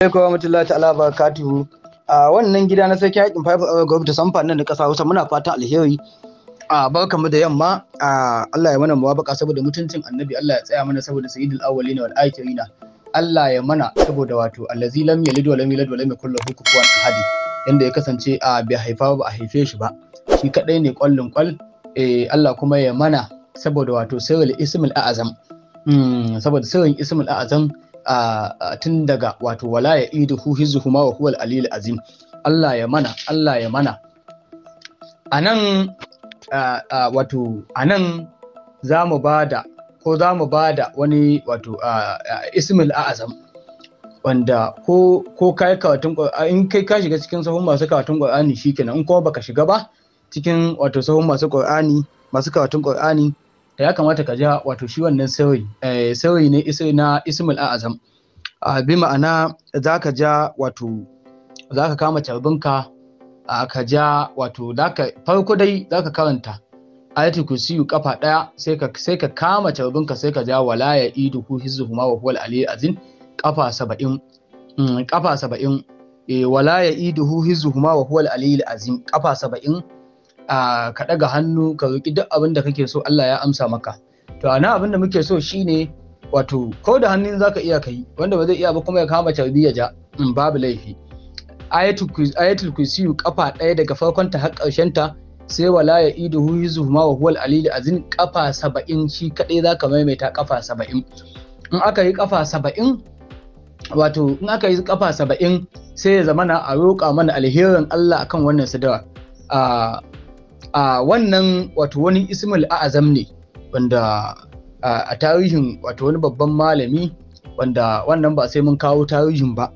alaikum ta alaba katu a wannan gida na sarki haƙin five hour group ta samfa nan da ƙasa Hausa muna fatan alheri a mu da yamma a Allah ya mana mu wabaka saboda mutuncin annabi Allah ya tsaya mana saboda sayyidul awwalin wal akhirin Allah ya mana saboda wato allazi lam yalid wa lam yulad wa lam yakul lahu kufuwan ahad inda ya kasance a bai haifa ba a haife shi ba shi kadai ne kwallin kwal eh Allah kuma ya mana saboda wato sirrul ismul a'azam hmm, saboda sirrin ismul a'azam tun daga wato wala ya idu hu hizuhuma wa huwal alil azim Allah ya mana Allah ya mana a nan wato a nan za mu ba da ko za mu ba da wani wato ismil azam wanda ko ko kai karatun in kai ka shiga cikin sahun masu karatun qur'ani shikenan in kuma baka shiga ba cikin wato sahun masu qur'ani masu kawatin qur'ani ya kamata ka ja wato shi wannan sauyi eh, sauyi ne na ismul a'azam ah, bi ma'ana za ka ja wato za ka kama carbinka ka ja wato farko dai za ka karanta ayatul kursiyu kafa daya sai ka sai ka kama carbinka sai ka ja wala ya idu ku hizzuhu ma wa huwal aliyyul azim kafa 70 hmm, kafa 70 eh, wala ya idu hu hizzuhu ma wa huwal aliyyul azim kafa 70 a ka ɗaga hannu ka roƙi duk abin da kake so Allah ya amsa maka to ana abin da muke so shine wato ko da hannun zaka iya ka yi wanda ba zai iya ba kuma ya kama carbi ya ja mm, babu laifi ayatul kursiyu kafa ɗaya daga farkon ta har ƙarshen ta sai wala ya idu hu yuzu ma wa huwal alil azin kafa saba'in shi kaɗai za ka maimaita kafa saba'in in aka yi kafa saba'in wato in aka yi kafa saba'in sai ya zamana a roƙa mana alherin Allah akan wannan sadara. a wannan wato wani ismul a'azam ne wanda a tarihin wato wani babban malami wanda wannan ba sai mun kawo tarihin ba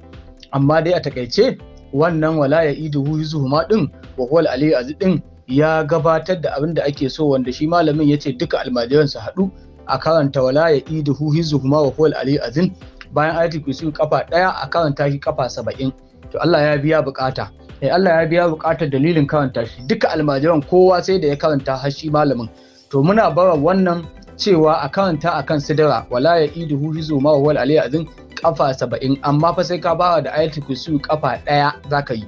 amma dai a takaice wannan walaya zuhu ma din wa huwal ali aziz din ya gabatar da abin da ake so wanda shi malamin ya ce duka almajiran su haɗu a karanta walaya iduhu yuzuhuma wa huwal ali azin bayan ayatul kursi kafa ɗaya a karanta shi kafa saba'in to Allah ya biya bukata Eh, Allah ya biya bukatar dalilin karanta shi duka almajiran kowa sai da ya karanta har shi malamin to muna bara wannan cewa a karanta akan sidira wala ya hu hizo ma wal aliya azin kafa saba'in amma fa sai ka bawa da ayatul kursi kafa daya zaka yi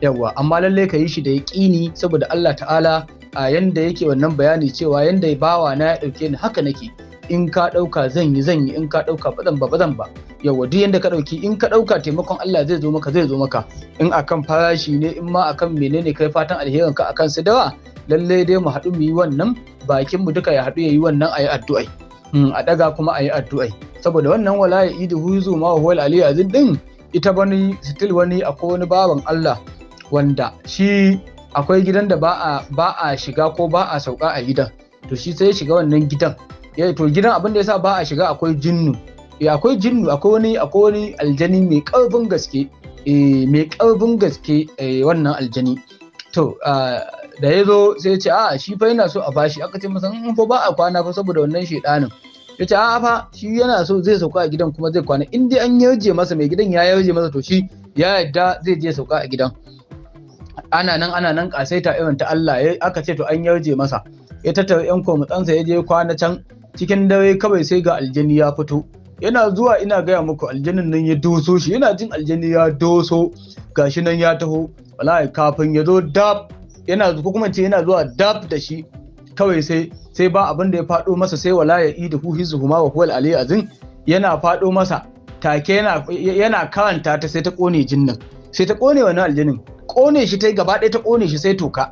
yawa amma lalle ka yi shi da yaqini saboda Allah ta'ala a yanda yake wannan bayani cewa yanda bawa na ya dauke ni haka nake in ka dauka zan yi zan yi in ka dauka ba ba ba ba yawa duk yanda ka ɗauki, in ka ɗauka taimakon Allah zai zo maka zai zo maka in akan farashi ne in ma akan menene kai fatan alherin ka akan su dawa lallai dai mu haɗu mu yi wannan bakin mu duka ya haɗu ya yi wannan ayi addu'ai hmm, a daga kuma ayi addu'ai saboda wannan wala ya idu huzu ma huwal aliyu azin din ita wani still wani akwai wani baban Allah wanda shi akwai gidan da ba a shiga ko ba a sauka a gidan to shi sai ya shiga wannan gidan eh, to gidan abin da yasa ba a shiga akwai jinnu eh akwai jinnu akwai wani akwai wani aljani mai karfin gaske eh, mai ƙarfin gaske eh, wannan aljani to da ya zo sai ya ce a shi fa yana so a bashi aka ce masa in mm, fa ba a kwana fa saboda wannan shedanin ya ce a fa shi yana so zai sauka a gidan kuma zai kwana in dai an yarje masa mai gidan ya yarje masa to shi ya yarda zai je sauka a gidan ana nan ana nan kasaita irin ta Allah ya eh, aka ce to an yarje masa ya tattara yan komutsansa ya je kwana can cikin dare kawai sai ga aljini ya fito yana zuwa ina gaya muku aljanin nan ya doso shi yana jin aljani ya doso gashi nan ya taho wallahi kafin ya zo dab yana ko kuma ce yana zuwa dab da shi kawai sai sai ba abin da ya fado masa sai wala ya idu hu hizu huma wa huwal ali azin yana faɗo masa take yana yana karanta ta sai ta kone jinnin sai ta kone wannan aljinin kone shi ta gaba ɗaya ta kone shi sai toka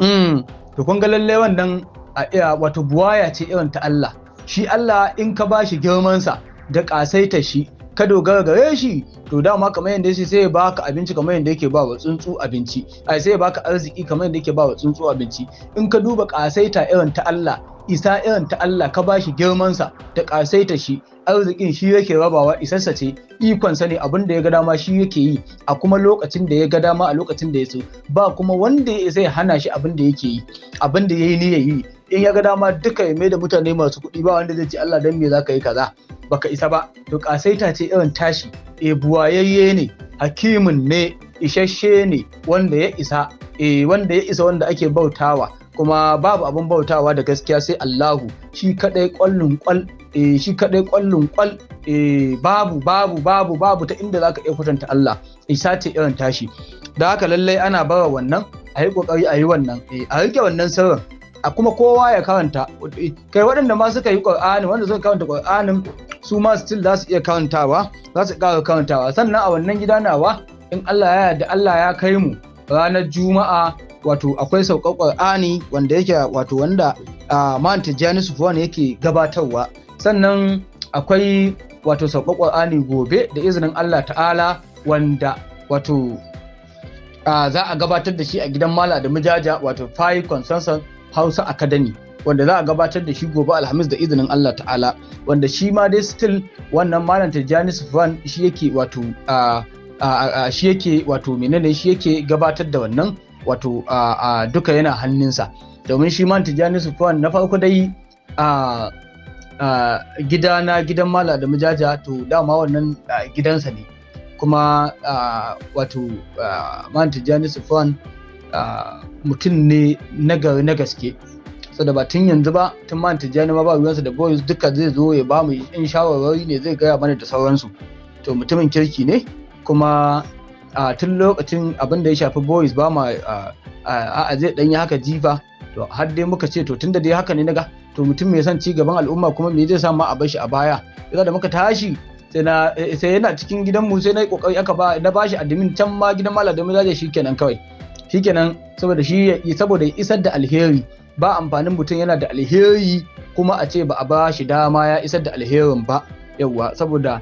mm to kun ga lalle wannan a wato buwaya ce irin ta Allah shi Allah in ka bashi girman sa da ƙasaita shi ka dogara gare shi to dama kamar yadda shi sai ya baka abinci kamar yadda yake ba wa tsuntsu abinci ai sai ya baka arziki kamar yadda yake ba wa tsuntsu abinci in ka duba ƙasaita irin ta Allah isa irin ta Allah ka bashi girman sa da ƙasaita shi arzikin shi yake rabawa isassa ce sa ne abin da ya ga dama shi yake yi a kuma lokacin da ya ga dama a lokacin da ya so ba kuma wanda zai hana shi abin da yake yi abin da ya yi yayi yi in ya ga dama duka ya mai da mutane masu kuɗi ba wanda zai ce Allah dan me zaka yi kaza baka isa ba to kasaita ce irin tashi e buwayayye ne hakimin ne isasshe ne wanda ya isa e wanda ya isa wanda ake bautawa kuma babu abin bautawa da gaskiya sai Allahu shi kadai kwallon kwal e eh, shi kadai kwallon kwal e babu babu babu babu ta inda zaka iya kwatanta Allah isa ce irin tashi da haka lallai ana bawa wannan a yi kokari a yi wannan a rike wannan sirrin a kuma kowa ya karanta kai waɗanda ma suka yi ƙur'ani wanda suka karanta ƙur'anin su ma still za su iya karantawa za su ƙara karantawa sannan a wannan gida nawa in Allah ya yarda Allah ya kai mu ranar juma'a wato akwai saukar ƙur'ani wanda yake wato wanda a man tijjani sufwan yake gabatarwa sannan akwai wato saukar ƙur'ani gobe da izinin Allah ta'ala wanda wato za a gabatar da shi a gidan mala da mujaja wato five consensus Hausa Academy wanda za a gabatar da shi gobe Alhamis da izinin Allah ta'ala wanda shi ma dai still wannan malam Tijjani Sufan shi yake wato shi yake wato menene shi yake gabatar da wannan wato duka yana hannunsa domin shi ma Tijjani Sufan na farko dai gida na gidan mala da mujaja to dama wannan gidansa ne kuma wato man Tijjani mutum ne na gaske so da ba tun yanzu ba tun ma tijjani ma ba ruwansa da boys duka zai zo ya ba mu in shawarwari ne zai gaya mana da sauransu to mutumin kirki ne kuma a tun lokacin abin da ya shafi boys ba ma a zai dan yi haka jifa to har dai muka ce to tun da dai haka ne naga to mutum mai son ci gaban al'umma kuma me zai sa ma a bashi a baya Yanzu da muka tashi sai yana cikin gidanmu sai na yi kokari aka ba na bashi admin can ma gidan malam da mu zaje shi kenan kawai shikenan saboda shi saboda isar da alheri ba amfanin mutum yana da alheri kuma a ce ba a ba shi dama ya isar da alherin ba yawwa saboda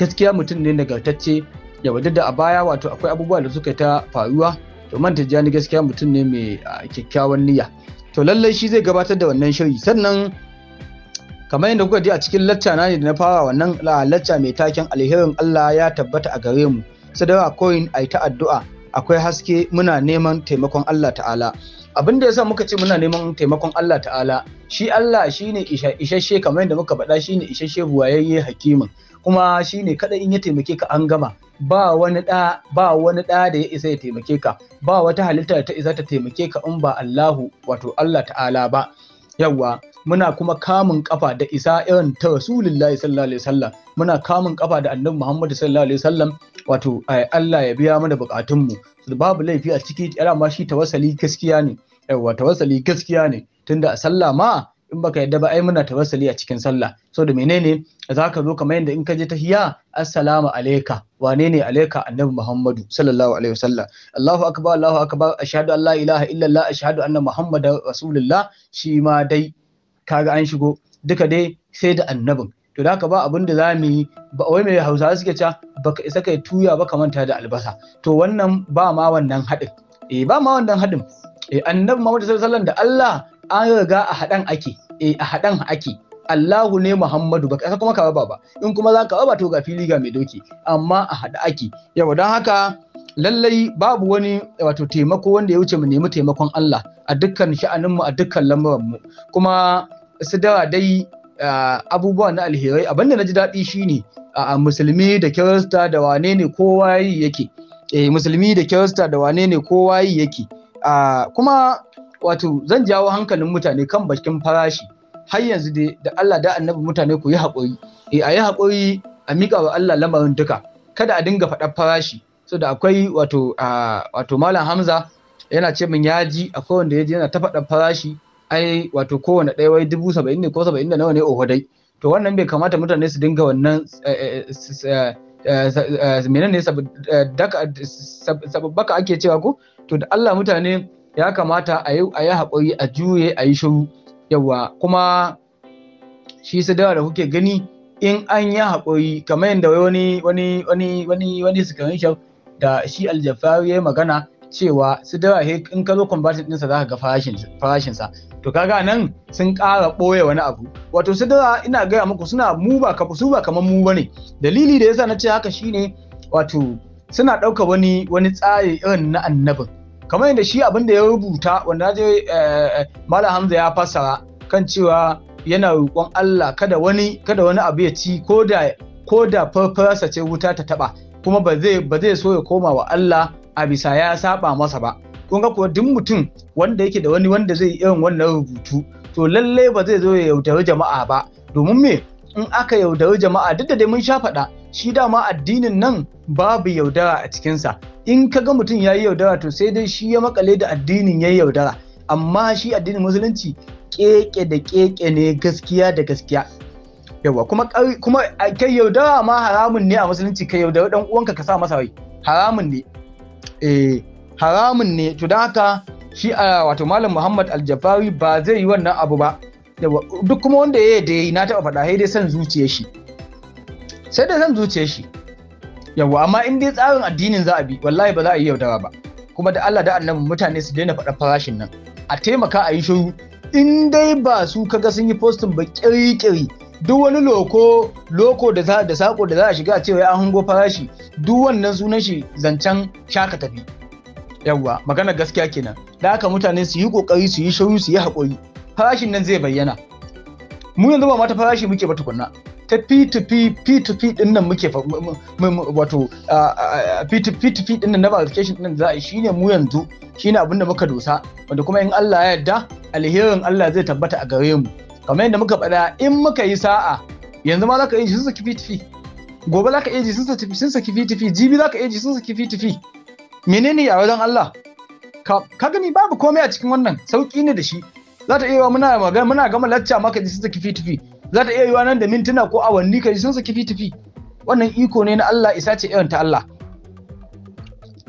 gaskiya mutum ne nagartacce yawa da a baya wato akwai abubuwa da suka ta faruwa to man tijjani gaskiya mutum ne mai kyakkyawan niyya to lallai shi zai gabatar da wannan shiri sannan kamar yadda kuka ji a cikin lacca na ne da na fara wannan lacca mai taken alherin Allah ya tabbata a gare mu sadawa coin ai ta addu'a akwai haske muna neman taimakon Allah ta'ala abin da yasa muka ce muna neman taimakon Allah ta'ala shi Allah shine isheshe kamar yadda muka faɗa shine isheshe buwayayye hakimin kuma shine kada in ya taimake ka an gama ba wani da ba wani da da ya isa ya taimake ka ba wata halitta ta isa ta taimake ka in ba Allahu wato Allah ta'ala ba yawwa muna kuma kamun kafa da isa irin ta rasulullahi sallallahu alaihi wasallam muna kamun kafa da annabi Muhammadu sallallahu alaihi wasallam wato eh, Allah ya biya mana bukatunmu babu laifi a ciki yana ma shi tawassali gaskiya ne yawa tawassali gaskiya ne tunda a sallah ma in baka yadda ba ai muna tawassali a cikin sallah so da menene za ka zo kamar yadda in ka je tahiyya assalamu alayka wane ne alayka annabi muhammadu sallallahu alaihi wasallam allahu akbar allahu akbar ashhadu an la ilaha illallah ashhadu anna muhammadar rasulullah shi ma dai kaga an shigo duka dai sai da annabin to da ba abin da za mu yi ba wai mai Hausa suke ca baka isa kai tuya ba ka manta da albasa to wannan ba ma wannan haɗin eh ba ma wannan haɗin eh annabi Muhammad sallallahu alaihi da Allah an riga a haɗan ake eh a haɗan ake Allahu ne Muhammadu baka kuma ka ba ba in kuma za ka ba to ga fili ga mai doki amma a haɗa ake yau don haka lallai babu wani wato taimako wanda ya wuce mu nemi taimakon Allah a dukkan sha'aninmu a dukkan lamuranmu kuma su dawa dai abubuwa na alherai abinda na ji daɗi shine a musulmi da kirista da wane ne kowa yi yake eh musulmi da kirista da wane ne kowa yi yake kuma wato zan jawo hankalin mutane kan bakin farashi har yanzu dai da Allah da annabi mutane ku yi hakuri. eh a yi haƙuri a miƙa wa Allah lamarin duka kada a dinga faɗar farashi so da akwai wato wato malam Hamza yana ce min ya ji akwai wanda ya ji yana ta faɗar farashi ai wato kowane ɗaya wai dubu saba'in ne ko saba'in da nawa ne oho dai to wannan bai kamata mutane su dinga wannan eh, eh, eh, menene ne sababbaka ake cewa ko to da Allah mutane ya kamata a yi a haƙuri a juye a yi shiru yawa kuma shi su dawa da kuke gani in an yi haƙuri kamar yadda wani wani wani wani wani da shi aljafari ya magana cewa su dala in ka zo conversion ɗinsa za ka ga farashinsa to kaga nan sun ƙara ɓoye wani abu wato su ina gaya muku suna mu ba su ba kamar mu bane dalili da yasa na ce haka shine wato suna ɗauka wani wani tsari irin na annabin kamar yadda shi abin da ya rubuta wanda je eh, eh, malam hamza ya fassara kan cewa yana roƙon Allah kada wani kada wani abu ya ci ko da ko da farfarsa ce wuta ta taba kuma ba zai so ya koma wa Allah a bisa ya saba masa ba kun ga kuwa duk mutum wanda yake da wani wanda zai irin wannan rubutu to lalle ba zai zo ya yaudari jama'a ba domin me in aka yaudari jama'a duk da dai mun sha faɗa shi dama addinin nan babu yaudara a cikinsa in ka ga mutum ya yi yaudara to sai dai shi ya makale da addinin ya yi yaudara amma shi addinin musulunci keke da keke ne gaskiya da gaskiya yawa kuma kai yaudara ma haramun ne a musulunci kai yaudara dan uwanka ka sa masa rai haramun ne eh haramun ne to don haka shi a ah, wato malam muhammad aljafari ba zai yi wannan abu ba duk kuma wanda ya da yi na taɓa faɗa dai san zuciya shi sai dai san zuciya shi yawa amma in dai tsarin addinin za a bi wallahi ba za a yi yaudara ba kuma da Allah da annabi mutane su daina faɗa farashin nan a taimaka a yi shiru in dai ba su kaga sun yi postin ba kiri-kiri duk wani loko loko da da sako da za a shiga cewa an hango farashi duk wannan sunan shi zancen shaka tafi yawwa magana gaskiya kenan da haka mutane su yi kokari su yi shiru su yi hakuri farashin nan zai bayyana mu yanzu ba mata farashi muke ba tukunna ta P2P P2P din nan muke wato P2P din nan na verification din za a yi shine mu yanzu shine abinda muka dosa wanda kuma in Allah ya yarda alherin Allah zai tabbata a gare mu kamar yadda muka faɗa in muka yi sa'a yanzu ma za ka iya ji sun saki fitifi gobe za ka iya ji sun saki fitifi jibi za ka iya ji sun saki fitifi menene a wajen Allah ka gani babu komai a cikin wannan sauki ne da shi za ta iya yiwa muna magana muna gama lacca maka ji sun saki fitifi za ta iya yiwa nan da mintuna ko awanni ka ji sun saki fitifi wannan iko ne na Allah isa ce irin ta Allah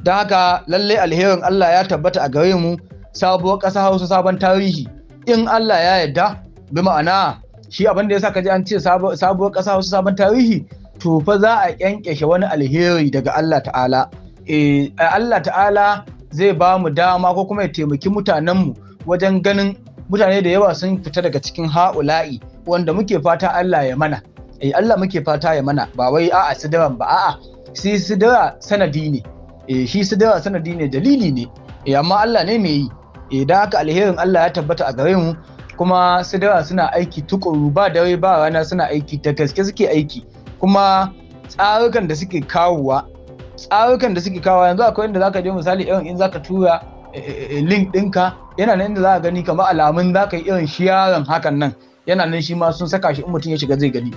don haka lallai alherin Allah ya tabbata a gare mu sabuwar ƙasa Hausa sabon tarihi in Allah ya yarda bi ma'ana shi abin da yasa kaji an ce sabuwar ƙasa wasu sabon tarihi to fa za a kyankyashe wani alheri daga Allah ta'ala eh Allah ta'ala zai ba mu dama ko kuma ya taimaki mutanenmu wajen ganin mutane da yawa sun fita daga cikin ha'ula'i wanda muke fata Allah ya mana eh Allah muke fata ya mana ba wai a'a sidiran ba a'a shi sidira sanadi ne eh shi sidira sanadi ne dalili ne eh amma Allah ne mai yi eh da haka alherin Allah ya tabbata a gare mu kuma su suna aiki tukuru ba dare ba rana suna aiki ta gaske suke aiki kuma tsarukan da suke kawowa tsarukan da suke kawowa yanzu akwai inda zaka je misali irin in zaka tura eh, eh, eh, link dinka, yana nan inda za gani kamar alamun za yi irin shiyaran hakan nan yana nan shi ma sun saka shi in mutum ya shiga zai gani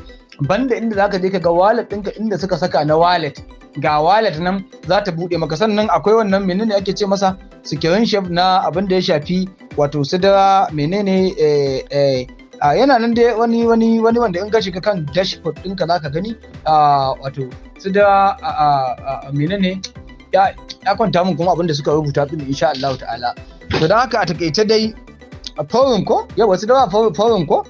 banda inda zaka je ka ga wallet dinka inda suka saka na wallet ga wallet nan za ta buɗe maka sannan akwai wannan menene ake ce masa sikirin shef na abin da ya shafi wato sidira da menene eh, eh, a yana nan dai wani wani wani wanda in ka shiga kan dashboard ɗinka za ka gani a wato su da menene ya kwanta mun kuma abinda suka rubuta din insha Allah ta'ala to don haka a takeice dai a forum ko yau wasu da forum ko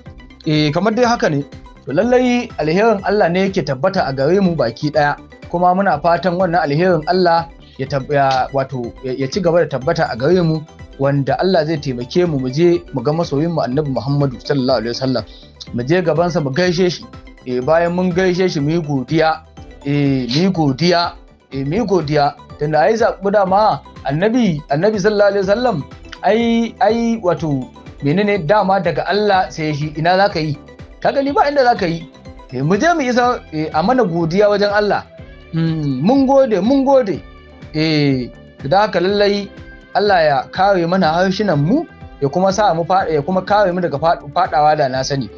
eh kamar dai haka ne to lallai alherin Allah ne yake tabbata a gare mu baki daya kuma muna fatan wannan alherin Allah ya wato ya ci gaba da tabbata a gare mu wanda Allah zai taimake mu mu je mu ga masoyin mu Annabi Muhammadu sallallahu alaihi wasallam mu je gaban sa mu gaishe shi eh bayan mun gaishe shi mu yi godiya eh mu yi godiya eh mu yi godiya tunda ai zaɓi da ma Annabi Annabi sallallahu alaihi wasallam ai ai wato menene dama daga Allah sai shi ina zaka yi kaga ni ba inda zaka yi eh mu je mu isa eh, a mana godiya wajen Allah hmm, mun gode mun gode eh da haka lallai Allah ya kare mana harshunan mu ya kuma sa mu ya kuma kare mu daga fadawa da na sani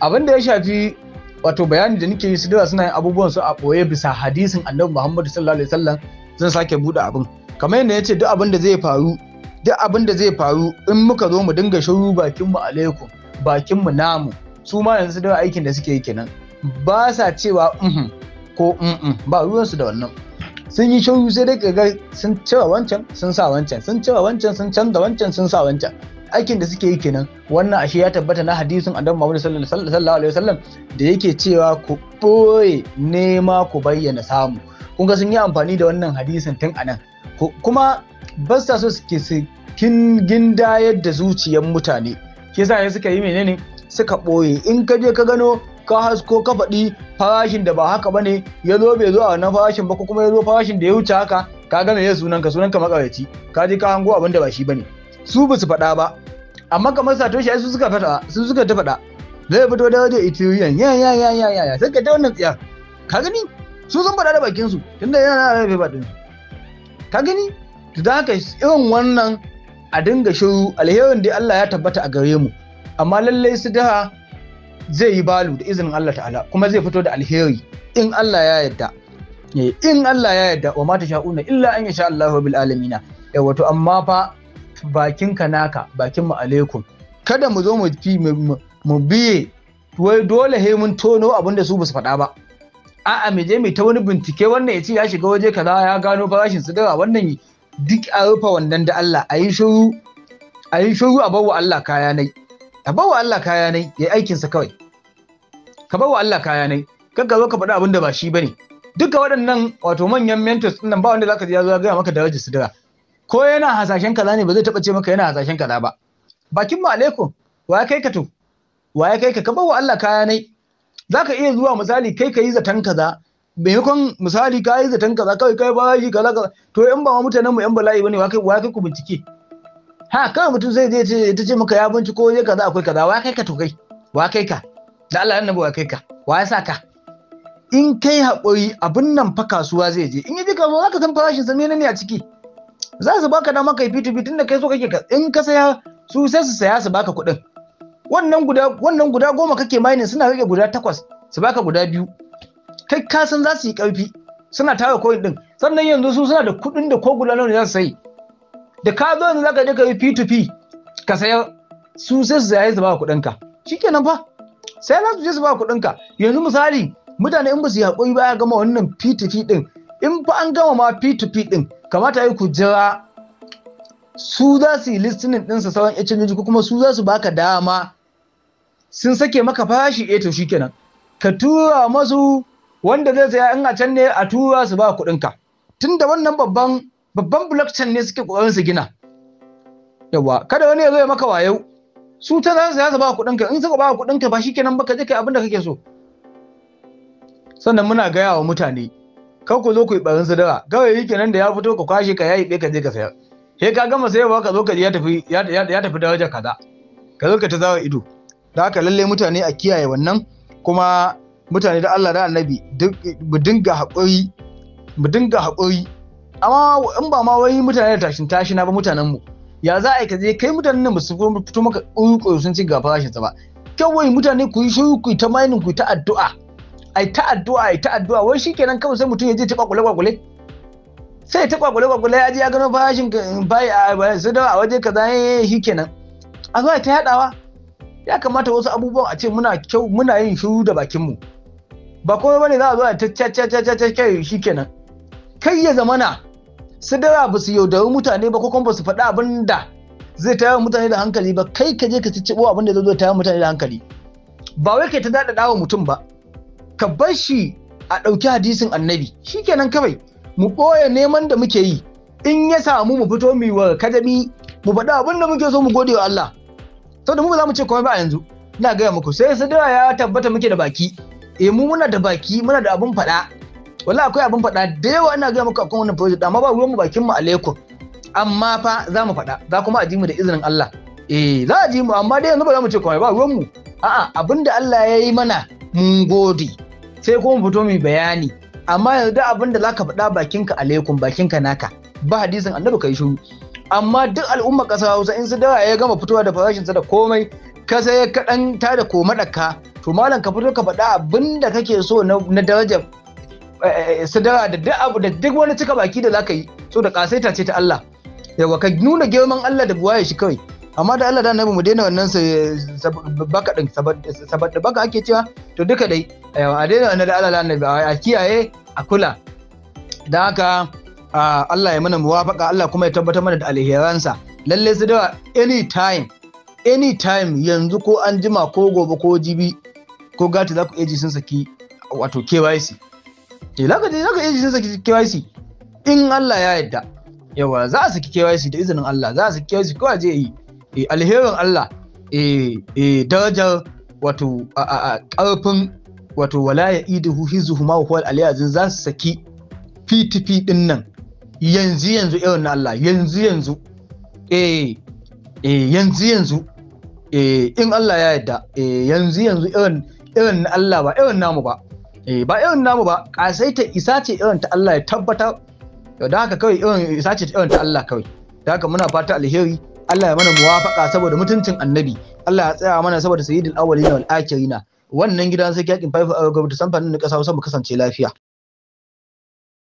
abin da ya shafi wato bayani da nake yi su da suna yin abubuwan su a boye bisa hadisin Annabi Muhammad sallallahu alaihi wasallam zan sake bude abin kamar yadda yace duk abin da zai faru duk abin da zai faru in muka zo mu dinga shiru bakin mu alaikum bakin mu namu su ma yanzu su da aikin da suke yi kenan ba sa cewa uhm ko uhm, uhm. ba ruwansu da wannan sun yi shauyu sai dai kaga sun cewa wancan sun sa wancan sun cewa wancan sun canza wancan sun sa wancan aikin da suke yi kenan wannan ashe ya tabbata na hadisin annabi Muhammad sallallahu alaihi wasallam da yake cewa ku boye nema ku bayyana samu kun ga sun yi amfani da wannan hadisin tun anan kuma ba sa so suke su gindayar da zuciyar mutane ke yasa suka yi menene suka boye in ka je ka gano ka hasko ka faɗi farashin da ba haka ba ne ya zo bai zo a wannan farashin ba ko kuma ya zo farashin da ya wuce haka ka ga me sunanka sunanka sunan ka je ka hango abin da ba shi ba ne su ba su faɗa ba amma kamar satoshi su suka faɗa su suka ta faɗa zai fito da wajen ethereum ya ya ya ya ya sai ka ta wannan tsiya ka gani su sun faɗa da bakin su tunda yana da rafe faɗin su ka gani to da haka irin wannan a dinga shiru alherin da Allah ya tabbata a gare mu amma lallai su daha zai yi balu da izinin Allah ta'ala kuma zai fito da alheri in Allah ya yarda eh, in Allah ya yarda wa mata sha'una illa an yasha Allahu bil alamina yawa eh, wato amma fa bakin ka naka bakin mu kada mu zo mu fi mu biye wai dole he mun tono abin da su basu faɗa ba a'a mu je mu ta wani bincike wannan ya ce ya shiga waje kaza ya gano farashin sigara wannan duk a rufe wannan da Allah a yi shiru a yi shiru a bawa Allah kaya nai ka bawa Allah kaya nai ya aikinsa kawai ka bawa Allah kaya nai kar ka zo ka faɗi abin da ba shi ne duka waɗannan wato manyan mentors ɗin nan ba wanda za ji ya zo gaya maka darajar sidira ko yana hasashen kaza ne ba zai taɓa ce maka yana hasashen kaza ba bakin mu alaikum wa ya kai ka to wa ya kai ka ka bawa Allah kaya nai ka iya zuwa misali kai ka yi zaton kaza maimakon misali ka yi zaton kaza kawai kai ba shi kaza kaza to in ba mutanen mu yan bala'i bane wa wa kai ku bincike ha kawai mutum zai je ta ce maka ya binciko ya kaza akwai kaza wa kai ka to kai wa kai ka da Allah annabi wa kai ka wa ya sa ka in kai haƙuri abin nan fa kasuwa zai je in yaji kasuwa zaka san farashin sa menene a ciki za su baka dama kai fitu fitu da kai so kake in ka saya su sai su saya su baka kuɗin wannan guda wannan guda goma kake mining suna rage guda takwas su baka guda biyu kai ka san za su yi ƙarfi suna tara coin din sannan yanzu su suna da kuɗin da ko guda nawa ne za su sayi da ka zo yanzu zaka je ka yi P2P ka sayar su sai su yi su ba kuɗin ka shikenan fa sai za su je su ba kuɗin ka yanzu misali mutane in ba su yi haƙuri ba ya gama wannan P2P din in fa an gama ma P2P din kamata yi ku jira su za su yi listening ɗinsa sauran exchange ko kuma su za su baka dama sun sake maka farashi eh to shikenan ka tura masu wanda zai saya in a can ne a tura su ba kuɗinka tunda wannan babban babban blockchain ne suke kokarin su gina yawa kada wani ya zo ya maka wayo su ta za su ya ba kuɗin ka in suka ba kuɗin ka ba shikenan ba ka je kai abin da kake so sannan muna gaya wa mutane kar ku zo ku yi barin sadara gawayi kenan da ya fito ka kwashe ka yayi ka je ka sayar he ka gama sayarwa ka zo ka ya tafi ya tafi daraja kaza ka zo ka ta zawa ido da haka lalle mutane a kiyaye wannan kuma mutane da Allah da Annabi duk mu dinga haƙuri mu dinga haƙuri amma in ba ma wai mutane da tashin tashi na ba mutanen mu ya za a yi kaje kai mutanen nan ba su fito maka ƙoƙo sun ci gaba shi ba kawai mutane ku yi shiru ku yi ta mainin ku yi ta addu'a ai ta addu'a ai ta addu'a wai shikenan kawai sai mutum ya je ta kwakule kwakule sai ta kwakule kwakule ya je ya gano bashin bai a su da a waje kaza eh, shikenan a zo ta yadawa ya kamata wasu abubuwan a ce muna kyau muna yin shiru da bakin mu ba komai bane za a zo a ta ca ca ca ca kai shikenan kai ya zamana su basu ba su yaudari mutane ba ko kuma ba su faɗi abin da zai tayar mutane da hankali ba kai ka je ka ci cibo abin da zai zo tayar mutane da hankali ba wai kai ta daɗa dawo mutum ba ka bar shi a ɗauki hadisin annabi shi kenan kawai mu ɓoye neman da muke yi in ya samu mu fito mu wa kadami mu faɗi abin da muke so mu gode wa Allah saboda mu ba za mu ce komai ba yanzu ina gaya muku sai sadara ya tabbata muke da baki eh mu muna da baki muna da abin faɗa wallahi akwai abin faɗa da yawa ina gaya muku akan wannan project amma ba ruwan mu bakin mu alaikum amma fa za mu faɗa za kuma a ji mu da izinin Allah eh za a ji mu amma dai yanzu ba za mu ce kuma ba ruwan mu a'a abinda Allah ya yi mana mun gode sai kuma mu fito mu bayani amma yanzu da abinda zaka faɗa bakinka alaikum bakinka naka ba hadisin annabi kai shiru amma duk al'umma ƙasa Hausa in su dawa ya gama fitowa da farashin sa da komai ka sai ka dan ta da koma to malam ka fito ka faɗa abinda kake so na darajar Eh, eh, sadara da duk abu da duk wani cika baki da zaka yi so da kasaita ce ta Allah yawa ka nuna girman Allah da buwaye shi kawai amma da Allah da annabi mu daina wannan sa baka din sabat da baka ake cewa to duka dai a daina wannan da Allah da annabi a kiyaye a kula dan haka Allah ya mana muwafaka Allah kuma ya tabbatar mana da alheransa lalle su time, anytime anytime yanzu ko an jima ko gobe ko jibi ko gata za ku iya ji sun saki wato KYC eh za ka je za ka iya saki KYC in Allah ya yarda yawa za a saki KYC da izinin Allah za a saki KYC kowa je yi eh alherin Allah eh eh darajar wato a karfin wato wala ya iduhu hizuhu ma huwa aliyazin za su saki P2P din nan yanzu yanzu irin na Allah yanzu yanzu eh eh yanzu yanzu eh in Allah ya yarda eh yanzu yanzu irin irin na Allah ba irin namu ba Eh, ba irin namu ba ta isa ce irin ta Allah ya tabbata da haka kawai irin isa ce irin ta Allah kawai da haka muna fata alheri Allah ya mana muwafaka saboda mutuncin annabi Allah ya tsaya mana saboda sayyidul awwalina wal akhirina wannan gidan sai yakin faifa a eh, gwamnati samfanin na kasa mu kasance lafiya